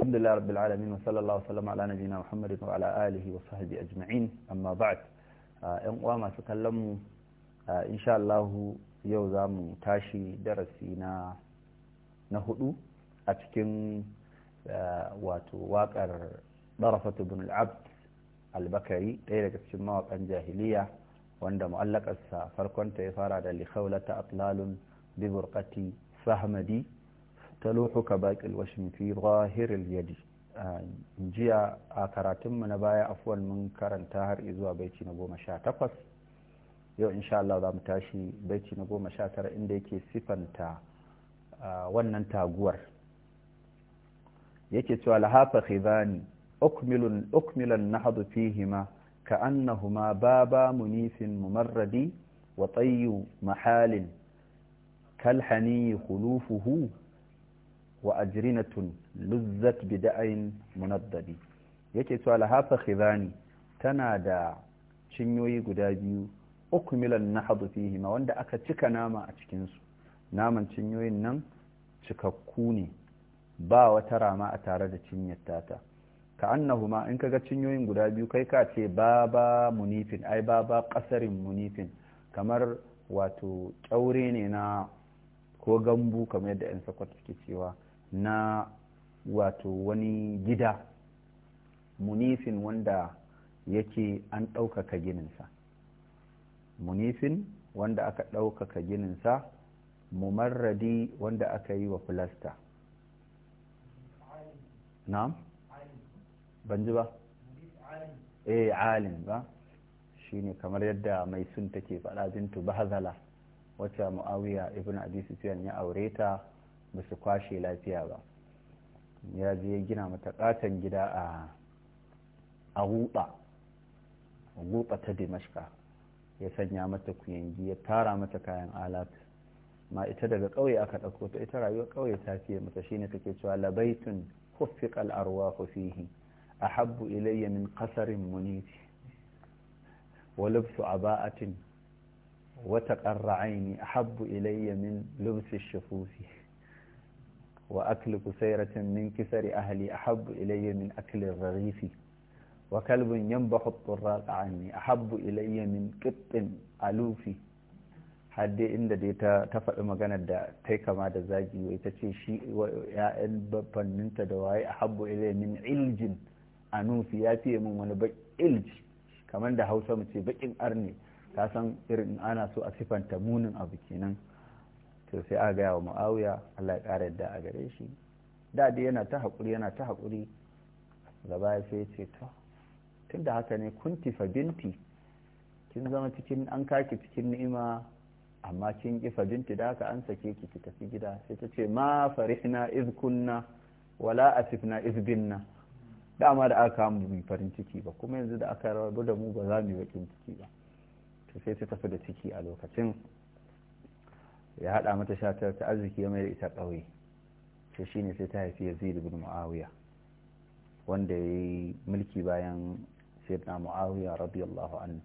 الحمد لله رب العالمين وصلى الله وسلم على نبينا محمد وعلى اله وصحبه اجمعين اما بعد ان uwa masu kallon mu ah, insha Allah yau zamu tashi darasi na na hudu a cikin ah, wato waƙar Darafat ibn al-Abd al-Bakari ɗaya daga cikin mawaƙan jahiliya wanda farkon ta ya fara da li khawlata atlalun bi burqati sahmadi تلوحك باقي الوشم في ظاهر اليد jiya a karatunmu na baya afuwan mun karanta har zuwa baiti na goma sha takwas yau insha Allah za mu tashi baiti na goma sha tara inda yake sifanta wannan taguwar yake cewa lahafa khidani ukmilun ukmilan nahdu fihima كأنهما بابا منيف ممرد وطي محال كالحني خلوفه wa ajrinatun luzzat bida'in munaddabi yake cewa hafa khizani tana da cinyoyi guda biyu uku milan na hadu ma wanda aka cika nama a cikin su naman cinyoyin nan cikakku ne ba wata rama a tare da cinyar tata ka annahuma in kaga cinyoyin guda biyu kai ka ce baba munifin ai baba kasarin munifin kamar wato kyaure ne na ko gambu kamar yadda 'yan sakwata suke cewa na wato wani gida munifin wanda yake an ɗaukaka gininsa munifin wanda aka ɗaukaka gininsa mumarradi wanda aka yi wa filasta na'am ban ji ba eh alim ba shine kamar yadda mai sun take faɗa bintu hazala wacce mu'awiya ibn abi sufyan ya aureta. ba su kwashe lafiya ba ya je ya gina mata katon gida a a guba ta dimashka ya sanya mata kuyangi ya tara mata kayan alat ma ita daga ƙauye aka ɗauko ta ita rayuwa ƙauye ta fiye mata shine take cewa labaitun huffiq al-arwah fihi ahabbu ilayya min qasarin munif wa lubsu aba'atin wa taqarra'aini ahabbu ilayya min lubsi shufufi wa akli kusairatin min kisari ahli ahabbu ilayya min akli rarifi wa kalbin yanbahu turraqa anni ahabbu ilayya min qittin alufi har dai inda dai ta ta faɗi maganar da ta kama da zagi wai ta ce shi ya'yan babbanninta da waye ahabbu ilai min iljin anufi ya fiye min wani baki ilji kamar da hausa mu ce bakin arne ka san irin ana so a sifanta munin abu kenan Sai sai aka gaya wa mu'awiya Allah ya ƙara yadda a gare shi da dai yana ta haƙuri yana ta haƙuri gaba ya sai ce to tun da haka ne kun tifa binti kin zama cikin an kaki cikin ni'ima amma kin kifa binti da haka an sake ki ki tafi gida sai ta ce ma farihna iz kunna wala asifna iz binna dama da aka mu bi farin ciki ba kuma yanzu da aka rabu da mu ba za mu yi bakin ciki ba to sai ta tafi da ciki a lokacin ya haɗa mata shatar ta arziki ya mai da ita ƙauye to shine sai ta haifi yazid ibn muawiya wanda ya yi mulki bayan sayyidina muawiya radiyallahu anhu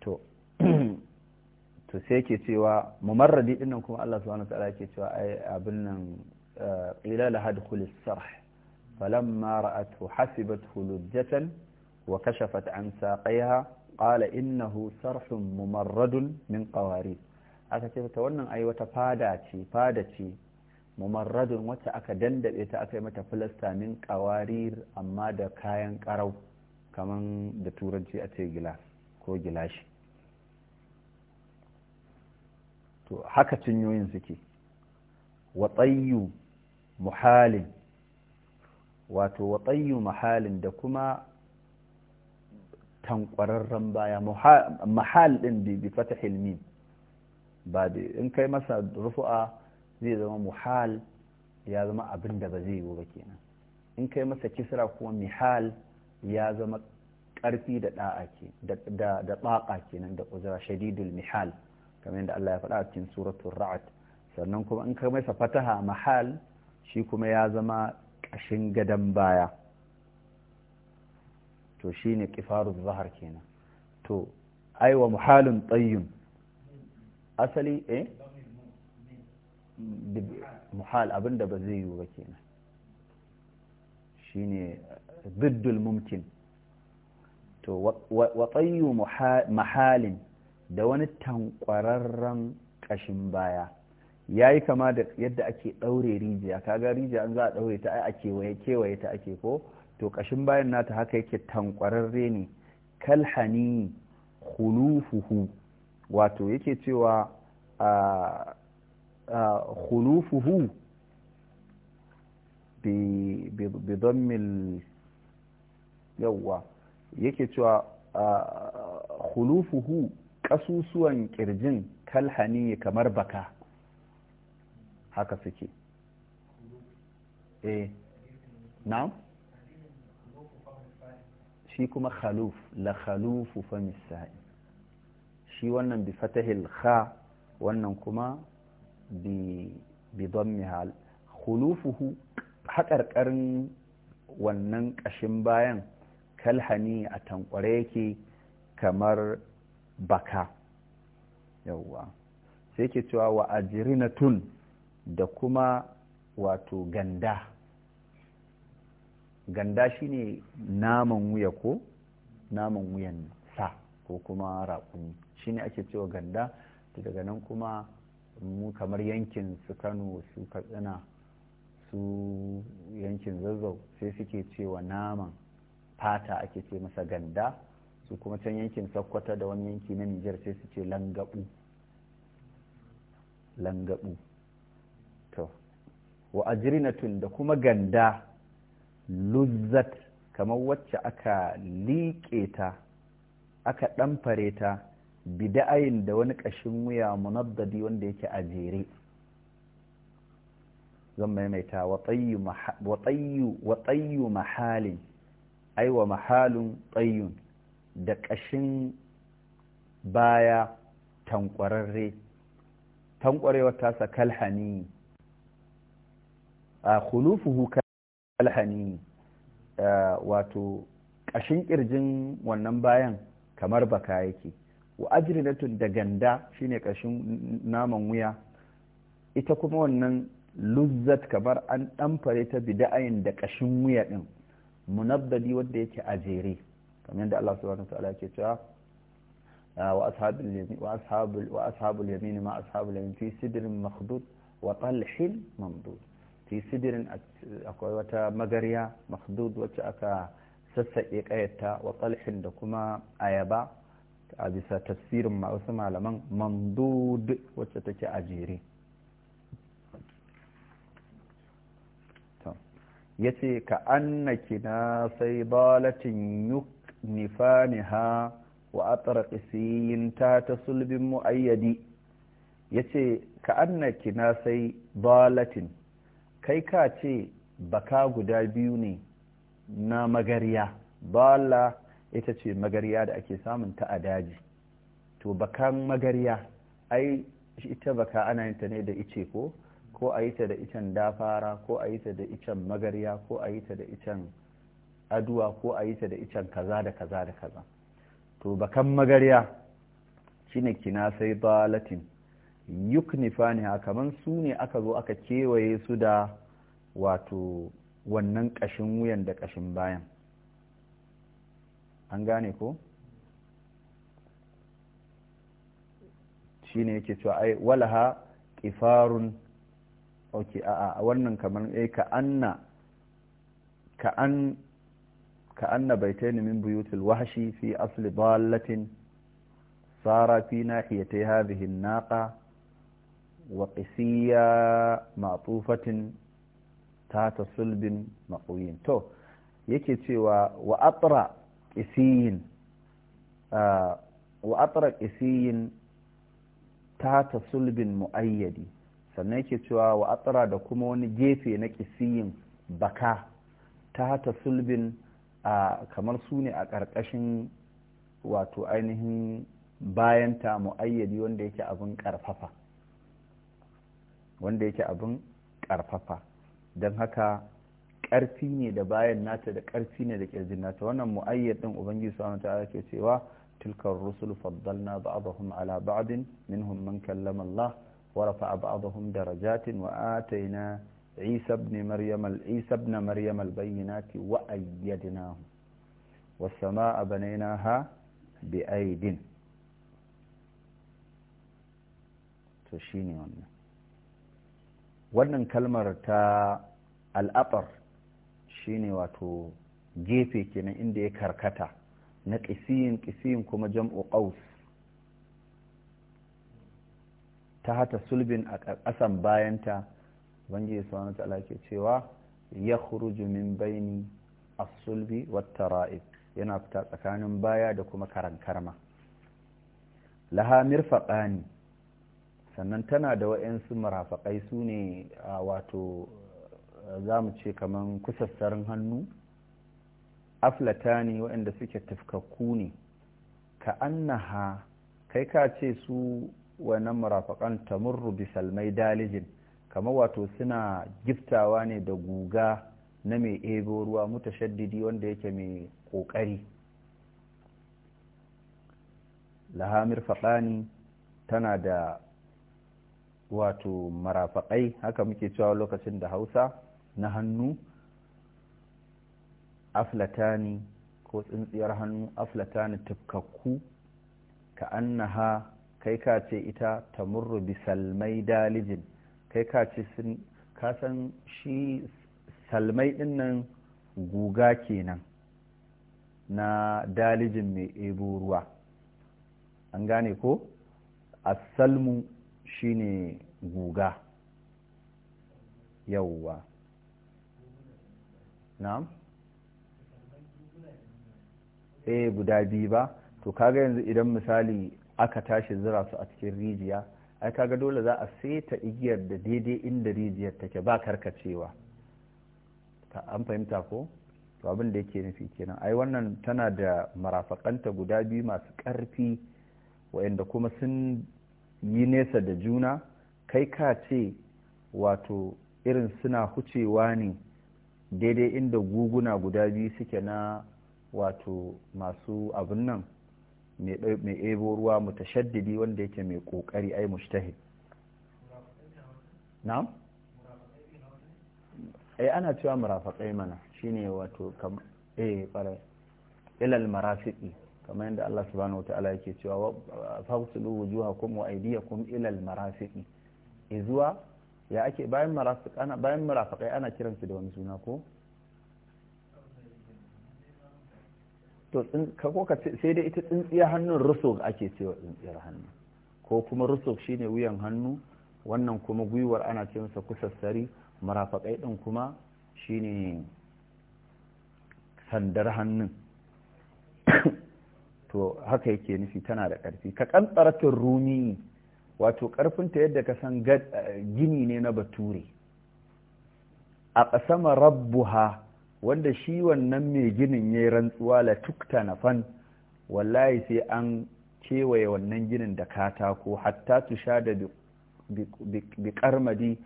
to to sai ke cewa mumarradi dinnan kuma Allah subhanahu wataala ke cewa ai abin nan eh, ila la hadkhul sarh falamma ra'athu hasibathu lujjatan wa kashafat an saqiha qala innahu sarhun mumarradun min qawarir aka ce ta wannan ai wata fada ce fada ce mumarradun wacce aka dandabe ta aka yi mata filasta min kawarir amma da kayan karau kaman da turanci a ce gilas ko gilashi to haka cinyoyin suke watsayyu muhalin wato watsayyu muhalin da kuma tankwararren baya mahal din bi fatahil ba in kai masa rufu'a zai zama muhal ya zama abin da ba zai yi ba kenan in kai masa kisra kuma mihal ya zama ƙarfi da da'a ke da tsaka kenan da uzra shadidul mihal kamar yadda Allah ya faɗa a cikin suratul ra'ad sannan kuma in kai masa fataha mahal shi kuma ya zama ƙashin gadon baya to shine kifaru zahar kenan to aiwa muhalun tsayyun asali eh muhal abinda ba zai yiwu ba kenan shine biddul mumkin to wa tayyu mahalin da wani tankwararren kashin baya yayi kama da yadda ake ɗaure rijiya kaga rijiya an za a ɗaure ta ai a kewaye ta ake ko to kashin bayan nata haka yake tankwararre ne kalhani khulufuhu wato yake cewa khulufuhu bi dammil yawwa yake cewa khulufuhu kasusuwan kirjin kalhani kamar baka haka suke eh na shi kuma khaluf la khalufu famis sa'i shi wannan bi fatahil kha wannan kuma bi dammiha khulufuhu haƙarƙarin wannan ƙashin bayan kalhani a tankware yake kamar baka yawwa sai ke cewa wa ajrinatun da kuma wato ganda ganda shine naman wuya ko naman wuyan sa ko kuma raƙumi shine ake cewa ganda to daga nan kuma mu kamar yankin su kano su katsina su yankin zazzau sai suke cewa naman fata ake ce masa ganda su kuma can yankin sakkwata da wani yanki na nijar sai su ce langabu langabu to wa ajrinatun da kuma ganda luzzat kamar wacce aka liƙe ta aka ɗamfare ta bida'ayin da wani ƙashin wuya munaddadi wanda yake a jere zan maimaita wa tsayu mahalin aiwa mahalin tsayun da ƙashin baya tankwararre tankwarewar sa kalhani a khulufuhu kalhani wato ƙashin ƙirjin wannan bayan kamar baka yake wa ajrinatun da ganda shine kashin naman wuya ita kuma wannan luzzat kamar an ɗamfare ta bida'ayin da kashin wuya din munabbadi wanda yake a jere kamar yadda Allah subhanahu wataala yake cewa ah, wa ashabul yamin wa ashabul wa ashabul yamin ma ashabul yamin fi sidrin makhdud wa talhin mamdud fi sidirin akwai wata magarya makhdud wacce aka sassaƙe ƙayata wa talhin da kuma ayaba a bisa tafsirin wasu malaman mandud wacce take a jere ya ce ka annaki na sai balatin yuk nifaniha wa atar ta ta sulbin mu'ayyadi ya ce ka annaki na sai balatin kai ka ce baka guda biyu ne na magariya bala ita ce magariya da ake samun ta a daji to bakan magariya ai ita baka ana yin ta ne da ice ko ko a yi ta da icen dafara ko a yi ta da icen magariya ko a yi ta da icen aduwa ko a yi ta da icen kaza da kaza da kaza to bakan magariya shine kina sai balatin yuknifaniha kaman su ne aka zo aka kewaye su da wato wannan kashin wuyan da kashin bayan an gane ko shi ne yake cewa ai walaha qifarun oke a wannan kamar ya eh, ka anna ka an ka anna baitayn min buyutil wahshi fi asli dallatin tsara fi nahiyati hadhihi an naƙa wa qisiya ma'tufatin ta ta sulbin maƙoyin to yake cewa wa atra قسي isiyin ta ta sulbin mu'ayyadi sannan yake cewa wa atsara da kuma wani gefe na kisiyin baka ta ta sulbin kamar su ne a ƙarƙashin wato ainihin bayanta mu'ayyadi wanda yake abin ƙarfafa wanda yake abin ƙarfafa don haka ƙarfi ne da bayan nata da ƙarfi ne da ƙirjin nata wannan mu'ayyad ɗin ubangiji subhanahu ta'ala ke cewa tilkar rusul faddalna ba'dahum ala ba'din minhum man kallama Allah wa rafa'a ba'dahum darajatin wa ataina Isa ibn Maryam al-Isa ibn Maryam al-bayyinati wa ayyadnahu was-samaa'a banaynaha bi aydin to shine wannan wannan kalmar ta al'afar shine wato gefe kenan inda ya karkata na ƙisiyin ƙisiyin kuma jam'u ƙaus ta hata sulbin a ƙasan bayanta bangi subhanahu wani ta'ala ke cewa ya min baini a sulbi wata ra'id yana fita tsakanin baya da kuma karankarma laha mirfaqani sannan tana da wa'yansu marafaƙai su ne wato za mu ce kaman kusassarin hannu aflata ne waɗanda suke tafkakku ne ka annaha kai ka ce su wannan murafakan tamurru bisalmai dalijin kama wato suna giftawa ne da guga na mai ebo ruwa mutashaddidi wanda yake mai ƙoƙari lahamir faɗani tana da wato marafaƙai haka muke cewa lokacin da hausa na hannu aflatani ko tsintsiyar hannu aflatani tufkakku ka annaha kai ka ce ita tamurru bisalmai dalijin kai ka ce ka san shi salmai din guga kenan na dalijin mai ebo ruwa an gane ko asalmu shine guga yauwa na'am eh guda biyu ba to kaga yanzu idan misali aka tashi zira su a cikin rijiya ai kaga dole za a seta igiyar da daidai inda rijiyar take ba karkacewa an fahimta ko to abin da yake nufi kenan ai wannan tana da marafakanta guda biyu masu ƙarfi waɗanda kuma sun yi nesa da juna kai ka ce wato irin suna hucewa ne daidai inda guguna guda biyu suke na wato masu abin nan mai ebo ruwa mutashaddidi wanda yake mai kokari ai mushtahid na'am ai eh, ana cewa murafaqai mana shine wato kam eh bare ilal marafiqi kamar yadda Allah subhanahu wataala yake cewa faghsilu wujuhakum wa aydiyakum ilal marafiqi izuwa ya ake bayan marafakai ana kiransu da wani suna ko? to sai dai ita tsintsiya hannun rusuk ake cewa tsintsiyar hannu ko kuma rusuk shine wuyan hannu wannan kuma gwiwar ana ce masa kusassari marafakai din kuma shine sandar hannun to haka yake nufi tana da ƙarfi ka kantsaratin rumi wato ƙarfinta yadda ka san eh, gini ne na bature a ƙasama rabbuha wanda shi wannan mai ginin ya yi rantsuwa la tukta na fan wallahi sai an kewaye wannan ginin da katako hatta sha da biƙarmadi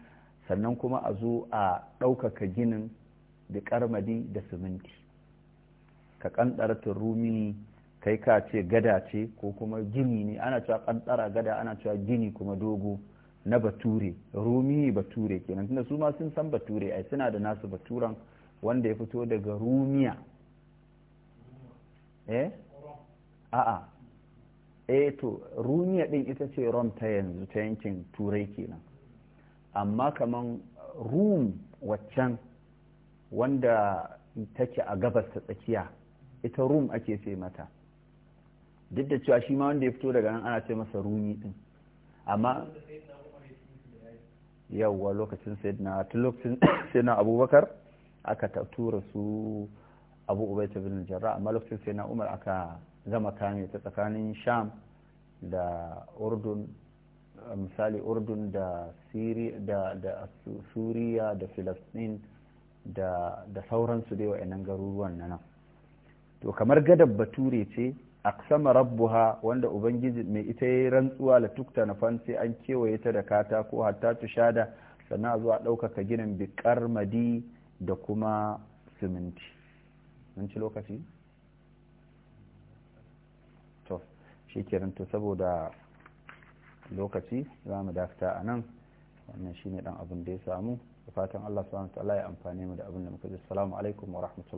sannan kuma a zo a ɗaukaka ginin biƙarmadi da siminti ka ƙanɗarta rumi kai ka ce gada ce ko kuma gini ne ana cewa kantsara gada ana cewa gini kuma dogo na bature rumi bature kenan tunda su ma sun san bature ai suna da nasu baturan wanda ya fito daga rumiya eh a'a eh to rumiya din ita ce rom ta yanzu ta yankin turai kenan amma kaman rum waccan wanda take a gabas ta tsakiya ita rum ake ce mata duk da cewa shi ma wanda ya fito daga nan ana ce masa rumi din amma yawwa lokacin sayyidina tun lokacin sayyidina abubakar aka tura su abu ubaita bin jarra amma lokacin sayyidina umar aka zama kame ta tsakanin sham da urdun misali urdun da suriya da filistin da sauransu dai wa'annan garuruwan nan to kamar gadar bature ce aksama rabbuha wanda ubangiji mai ita yi rantsuwa la tukta na fan sai an kewaye ta da katako hatta tushada sannan zuwa ɗaukaka ginin biƙar madi da kuma siminti mun ci lokaci to shi to saboda lokaci za mu dakata a nan wannan shine dan abin da ya samu da fatan Allah subhanahu wa ta'ala ya amfane mu da abin da muka ji assalamu alaikum wa rahmatullahi